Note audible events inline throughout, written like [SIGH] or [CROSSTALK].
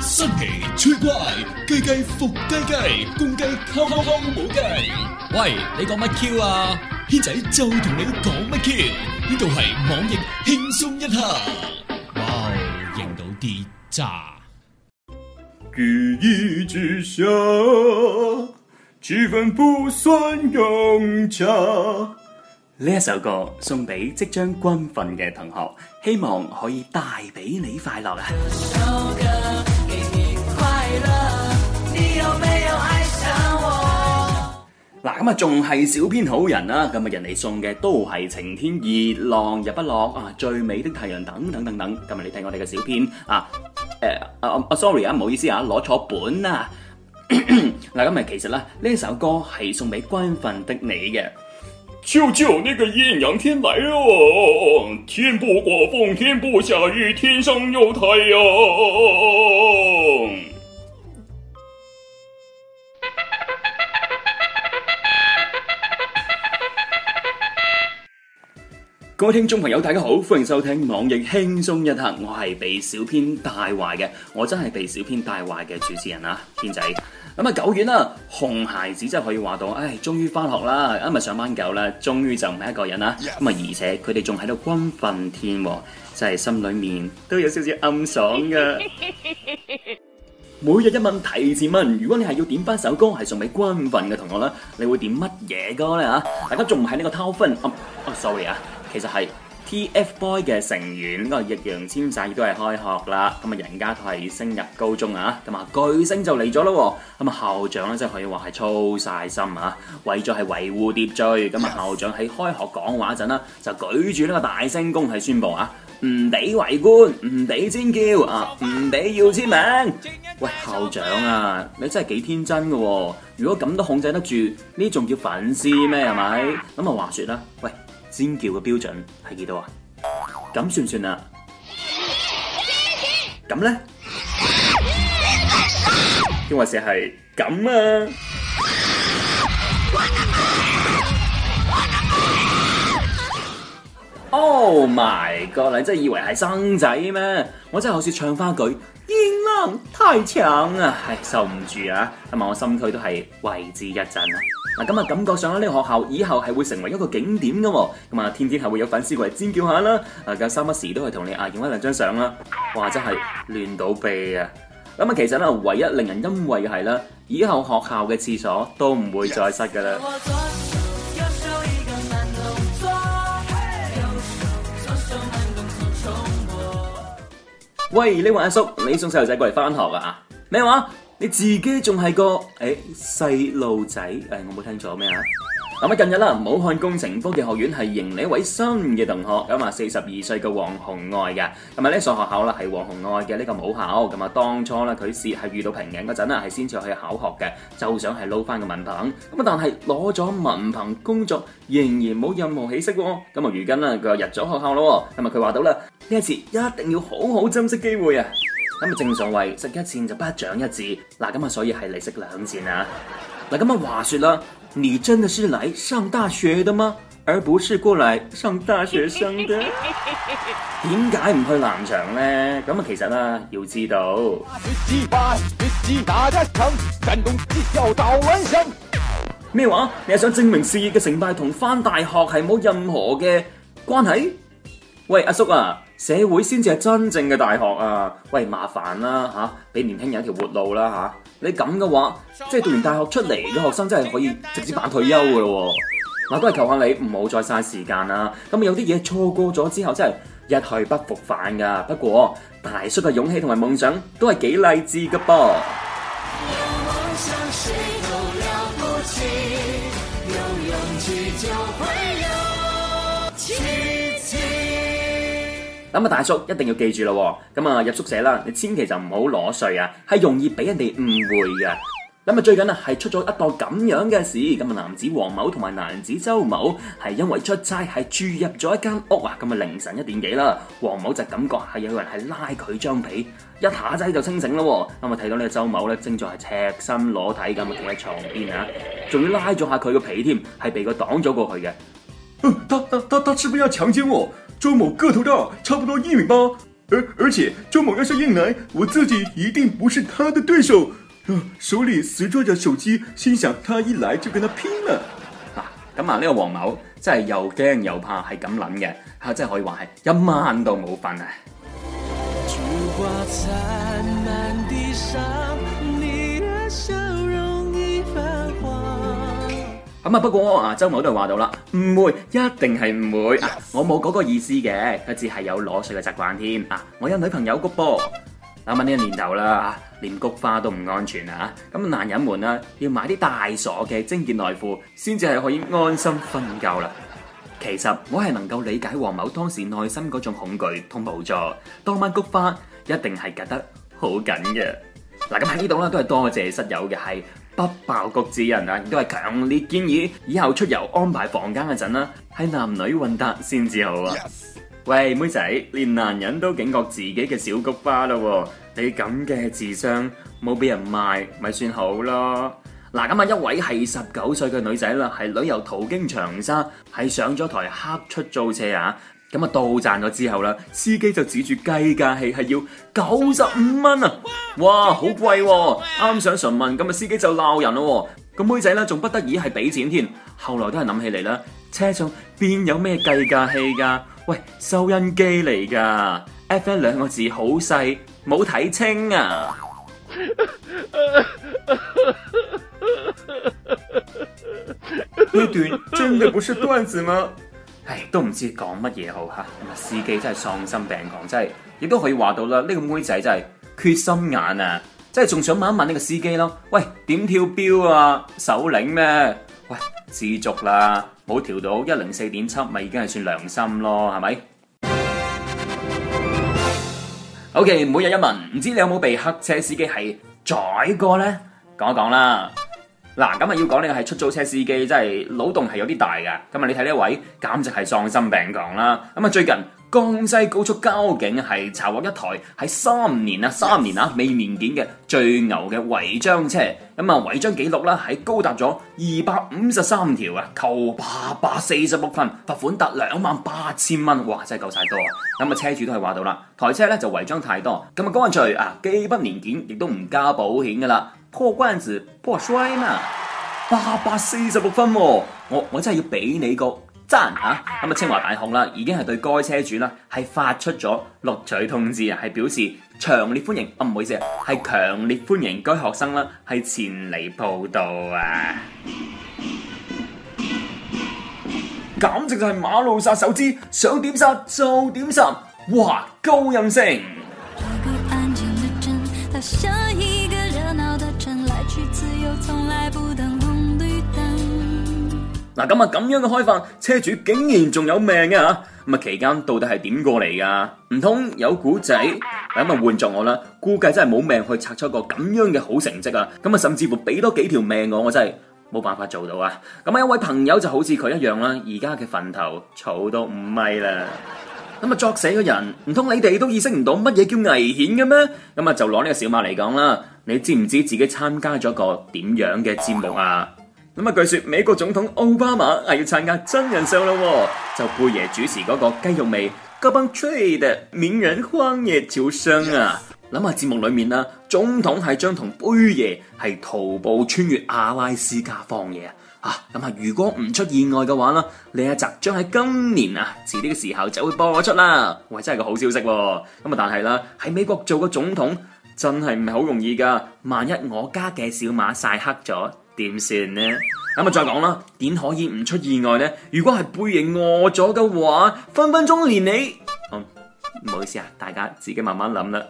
新奇趣怪，雞雞伏雞雞，公雞扣扣扣冇雞。喂，你講乜 Q 啊？軒仔就同你講乜 Q？呢度係網易輕鬆一刻。哇哦，認到啲渣。如意之下，氣氛不算融洽。呢一首歌送俾即將軍訓嘅同學，希望可以帶俾你快樂啊！你有愛上我？嗱咁啊，仲係小編好人啦。今日人哋送嘅都係晴天熱浪日不落啊，最美的太陽等等等等。今日你睇我哋嘅小編啊，誒啊，啊，啊 sorry 啊，唔好意思啊，攞錯本啊。嗱，今 [COUGHS] 日 [COUGHS] 其實咧呢首歌係送俾軍訓的你嘅。九九呢個艷陽天嚟咯，天不刮風，天不下雨，天上有太陽。各位聽眾朋友，大家好，歡迎收聽網易輕鬆一刻。我係被小編帶壞嘅，我真係被小編帶壞嘅主持人啊，天仔。咁啊久遠啦，紅孩子真係可以話到，唉，終於翻學啦，今、啊、日上班夠啦，終於就唔係一個人啦。咁啊，而且佢哋仲喺度軍訓添，真係心裏面都有少少暗爽噶。 [LAUGHS] 每日一問，提前問，如果你係要點翻首歌係送俾軍訓嘅同學咧，你會點乜嘢歌咧啊？大家仲唔係呢個偷分、um, oh,？sorry 啊。其實係 TFBOY 嘅成員，呢個易烊千璽亦都係開學啦，咁啊，人家都係升入高中啊，咁啊，巨星就嚟咗咯，咁啊，校長咧真係可以話係操晒心啊，為咗係維護秩序，咁啊，校長喺開學講話嗰陣啦，就舉住呢個大聲公係宣布啊，唔俾圍觀，唔俾尖叫，啊，唔俾要簽名。喂，校長啊，你真係幾天真噶，如果咁都控制得住，呢仲叫粉絲咩係咪？咁啊，話說啦，喂。尖叫嘅標準係幾多啊？咁算唔算啊？咁咧，因為是係咁啊！Oh my god！你真係以為係生仔咩？我真係好似唱翻句《熒光太長》啊！係受唔住啊！同埋我心區都係為之一震啊！嗱咁啊，感覺上咧，呢個學校以後係會成為一個景點噶喎，咁啊天天係會有粉絲過嚟尖叫下啦，啊嘅三不時都係同你啊影一兩張相啦，哇，真係亂到痹啊！咁啊其實咧，唯一令人欣慰嘅係咧，以後學校嘅廁所都唔會再塞噶啦。Yes. 喂，呢位阿叔，你送細路仔過嚟翻學啊？咩話？你自己仲係個誒細路仔誒，我冇聽錯咩啊？咁啊近日啦，武漢工程科技學院係迎嚟一位新嘅同學，咁啊四十二歲嘅王洪愛嘅。咁啊呢所學校啦係王洪愛嘅呢個母校。咁啊當初啦佢是係遇到瓶頸嗰陣啊，係先至去考學嘅，就想係撈翻個文憑。咁啊但係攞咗文憑工作仍然冇任何起色。咁啊如今啦佢入咗學校咯。咁啊佢話到啦呢一次一定要好好珍惜機會啊！咁啊，正所謂食一塹就不長一智，嗱咁啊，所以係嚟，食兩塹啊。嗱咁啊，話說啦，你真的是嚟上大學的嗎？而不是過嚟，上大學生的？點解唔去南翔咧？咁啊，其實啦，要知道。咩話？你係想證明事業嘅成敗同翻大學係冇任何嘅關係？喂，阿叔啊！社會先至係真正嘅大學啊！喂，麻煩啦嚇，俾、啊、年輕人一條活路啦嚇、啊！你咁嘅話，即係讀完大學出嚟嘅學生真係可以直接辦退休嘅咯喎！我 [LAUGHS] 都係求下你唔好再嘥時間啦！咁有啲嘢錯過咗之後真係一去不復返噶。不過大叔嘅勇氣同埋夢想都係幾勵志嘅噃。咁啊，大叔一定要記住咯、哦，咁啊入宿舍啦，你千祈就唔好裸睡啊，係容易俾人哋誤會嘅。咁、嗯、啊，最近啊係出咗一檔咁樣嘅事，咁啊男子王某同埋男子周某係因為出差係住入咗一間屋啊，咁啊凌晨一點幾啦，王某就感覺係有人係拉佢張被，一下子就清醒咯、哦。咁啊睇到呢個周某咧，正在係赤身裸體咁啊，停喺床邊啊，仲要拉咗下佢個被添，係被佢擋咗過去嘅、嗯。他他他他是不是要強奸我？周某個頭大，差不多一米八，而而且周某要是硬來，我自己一定不是他的對手。啊、手裏死抓着手機，心想他一來就跟他拼了。嗱、啊，咁啊呢個黃某真係又驚又怕，係咁諗嘅，吓、啊、真係可以話係一晚都冇瞓啊。咁啊、嗯，不過啊，周某就係話到啦，唔會，一定係唔會 Yes.、啊、我冇嗰個意思嘅，佢只係有裸睡嘅習慣添啊，我有女朋友嘅噃，啱啱呢個年頭啦啊，連菊花都唔安全啊，咁、啊、男人們啊，要買啲大鎖嘅貞潔內褲，先至係可以安心瞓覺啦。其實我係能夠理解黃某當時內心嗰種恐懼同無助，當晚菊花一定係夾得好緊嘅。嗱、啊，咁喺呢度咧，都係多謝室友嘅係。不爆菊之人啊，都係強烈建議以後出遊安排房間嗰陣啦，係男女混搭先至好啊！喂，妹仔，連男人都警覺自己嘅小菊花啦，你咁嘅智商冇俾人賣咪算好咯？嗱，咁啊一位係十九歲嘅女仔啦，係旅遊途經長沙，係上咗台黑出租車啊，咁啊到站咗之後啦，司機就指住計價器係要九十五蚊啊！哇，好貴喎，啊！啱想詢問，咁啊司機就鬧人咯，啊，個妹仔咧仲不得已係俾錢添。後來都係諗起嚟啦，車上邊有咩計價器噶？喂，收音機嚟噶，FM 兩個字好細，冇睇清啊！呢 [LAUGHS] 段真的不是段子嗎？唉，都唔知講乜嘢好吓，司機真係喪心病狂，真係，亦都可以話到啦，呢、呢個妹仔真係。缺心眼啊！即係仲想問一問呢個司機咯？喂，點跳表啊，首領咩？喂，知足啦，冇調到一零四點七，咪已經係算良心咯，係咪？O K，每日一問，唔知你有冇被黑車司機係宰過呢？講一講啦。嗱，咁啊要講呢個係出租車司機，真係腦洞係有啲大噶。咁啊你睇呢位，簡直係喪心病狂啦！咁啊最近。江西高速交警係查獲一台喺三年，年啊三年啊未年檢嘅最牛嘅違章車，咁啊違章記錄啦，係高達咗二百五十三條啊，扣八百四十六分，罰款達兩萬八千蚊，哇真係夠晒多！啊！咁啊車主都係話到啦，台車咧就違章太多，咁啊乾脆啊既不年檢亦都唔加保險噶啦，破罐子破摔嘛，八百四十六分喎、哦，我我真係要俾你個。真嚇咁啊！清華大學啦，已經係對該車主啦，係發出咗錄取通知啊，係表示強烈歡迎。啊，唔好意思，係強烈歡迎該學生啦，係前嚟報到啊！ [LAUGHS] 簡直就係馬路殺手之，想點殺就點殺，哇！高任性。音樂嗱咁啊，咁樣嘅開法，車主竟然仲有命嘅、啊、吓，咁啊期間到底係點過嚟噶？唔通有古仔？咁啊換作我啦，估計真係冇命去拆出個咁樣嘅好成績啊！咁啊，甚至乎俾多幾條命我，我真係冇辦法做到啊！咁啊，一位朋友就好似佢一樣啦，而家嘅墳頭草到五米啦，咁啊作死嘅人，唔通你哋都意識唔到乜嘢叫危險嘅咩？咁啊就攞呢個小馬嚟講啦，你知唔知自己參加咗個點樣嘅節目啊？咁啊！據說美國總統奧巴馬係、啊、要參加真人秀咯、啊，就貝爺主持嗰個雞肉味嘎嘣脆名人荒野招商啊！諗下節目裏面啦，總統係將同貝爺係徒步穿越阿拉斯加荒野啊！啊，咁啊，如果唔出意外嘅話啦，李阿澤將喺今年啊，遲啲嘅時候就會播我出啦！喂、啊，真係個好消息、啊！咁啊，但係啦，喺、啊、美國做個總統真係唔係好容易噶，萬一我家嘅小馬曬黑咗～點算呢？咁啊，再講啦，點可以唔出意外呢？如果係貝爺餓咗嘅話，分分鐘連你。唔好意思啊，大家自己慢慢諗啦。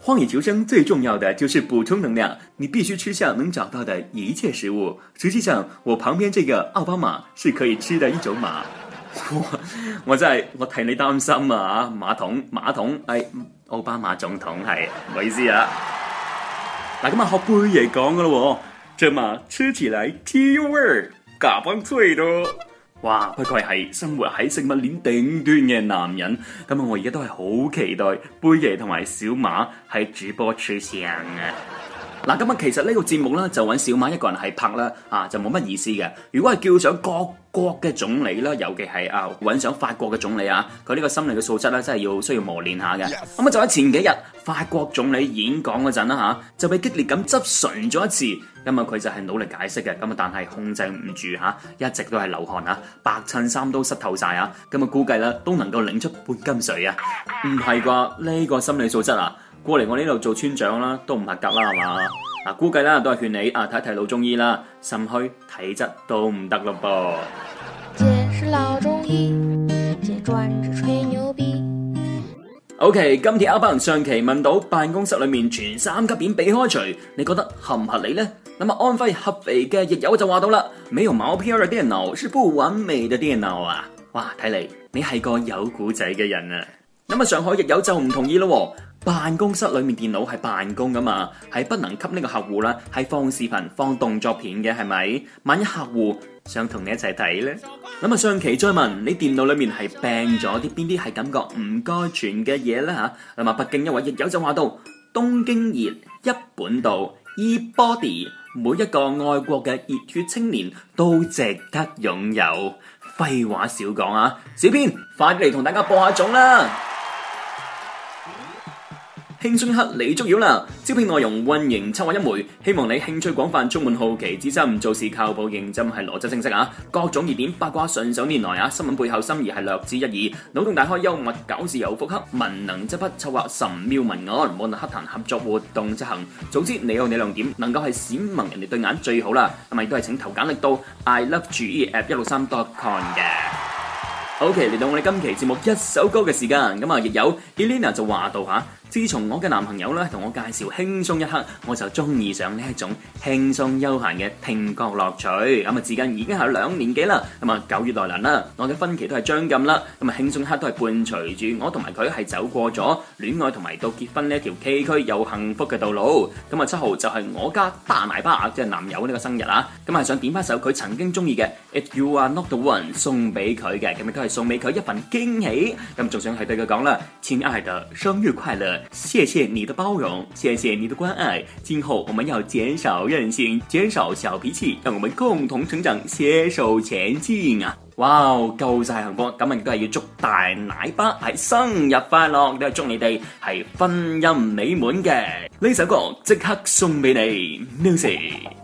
荒野求生最重要嘅，就是補充能量，你必須吃下能找到的一切食物。實際上，我旁邊這個奧巴馬是可以吃的一種馬。我真係，我替你擔心啊，馬桶馬桶，哎，奧巴馬總統係，唔好意思啊。嗱，咁啊、哦，學貝爺講嘅咯。啫嘛，吃起來雞味，嘎嘣脆咯！哇，不愧係生活喺食物鏈頂端嘅男人，咁啊，我而家都係好期待貝爺同埋小馬喺主播台上啊！嗱，咁啊，其實呢個節目咧就揾小馬一個人係拍啦，啊，就冇乜意思嘅。如果係叫上各國嘅總理啦，尤其係啊，揾上法國嘅總理啊，佢呢個心理嘅素質咧，真係要需要磨練下嘅。咁啊，就喺前幾日法國總理演講嗰陣啦吓，就被激烈咁執唇咗一次，咁啊，佢就係努力解釋嘅，咁啊，但係控制唔住吓，啊，一直都係流汗啊，白襯衫都濕透晒啊，咁啊，估計啦都能夠擰出半斤水啊，唔係啩？呢、呢個心理素質啊？過嚟我呢度做村長啦，都唔合格啦，係嘛？嗱，估計啦，都係勸你啊，睇睇老中醫啦、啊，心虛體質都唔得咯噃。姐是老中醫姐專職吹牛逼。」OK，今天阿伯上期問到辦公室裏面全三級片被開除，你覺得合唔合理呢？咁啊，安徽合肥嘅日友就話到啦，美容毛片而家啲人鬧，不完美的啲人鬧啊！哇，睇嚟你係個有古仔嘅人啊！咁啊，上海日友就唔同意咯。辦公室裏面電腦係辦公噶嘛，係不能給呢個客戶啦，係放視頻、放動作片嘅係咪？萬一客戶想同你一齊睇呢？咁，啊上期再問你電腦裏面係病咗啲邊啲係感覺唔該傳嘅嘢呢？吓，咁啊北京一位日友就話到：東京熱、一本道、E-BODY，每一個愛國嘅熱血青年都值得擁有。廢話少講啊，小編快啲嚟同大家播下種啦！輕鬆黑你捉妖啦！招聘內容運營策劃一枚，希望你興趣廣泛，充滿好奇之心，做事靠譜認真，係邏輯清晰啊！各種熱點八卦順手拈來啊！新聞背後深意係略知一二，腦洞大開幽默搞事又腹黑，文能執筆策劃神妙文案，望能黑談合作活動執行。總之你有你亮點，能夠係閃盲人哋對眼最好啦！咁啊亦都係請投簡歷到 I Love G E App 一六三點 com 嘅。OK，嚟到我哋今期節目一首歌嘅時間，咁啊亦有 Elena 就話到吓。自從我嘅男朋友咧同我介紹輕鬆一刻，我就中意上呢一種輕鬆休閒嘅聽覺樂趣。咁、嗯、啊，至今已經係兩年幾啦。咁、嗯、啊，九月來臨啦，我嘅婚期都係將近啦。咁、嗯、啊，輕鬆一刻都係伴隨住我同埋佢係走過咗戀愛同埋到結婚呢一條崎嶇又幸福嘅道路。咁、嗯、啊，七號就係我家大奶爸即係男友呢個生日啦。咁、嗯、啊、嗯，想點翻首佢曾經中意嘅《If You Are Not The One》送俾佢嘅，咁、嗯、啊都係送俾佢一份驚喜。咁、嗯、仲想係對佢講啦，親愛的，生日快樂！謝謝你的包容，謝謝你的關愛，今後我們要減少任性，減少小脾氣，讓我們共同成長，携手前進啊！哇哦，夠晒幸福，咁啊亦都係要祝大奶爸係生日快樂，都係祝你哋係婚姻美滿嘅，呢首歌即刻送俾你，music。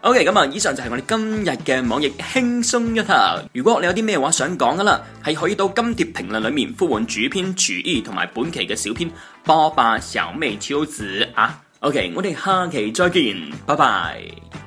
O K，咁啊，okay, 以上就係我哋今日嘅網易輕鬆一刻。如果你有啲咩話想講噶啦，係可以到跟帖評論裏面呼喚主編、廚姨同埋本期嘅小編波霸小味超子啊。O、okay, K，我哋下期再見，拜拜。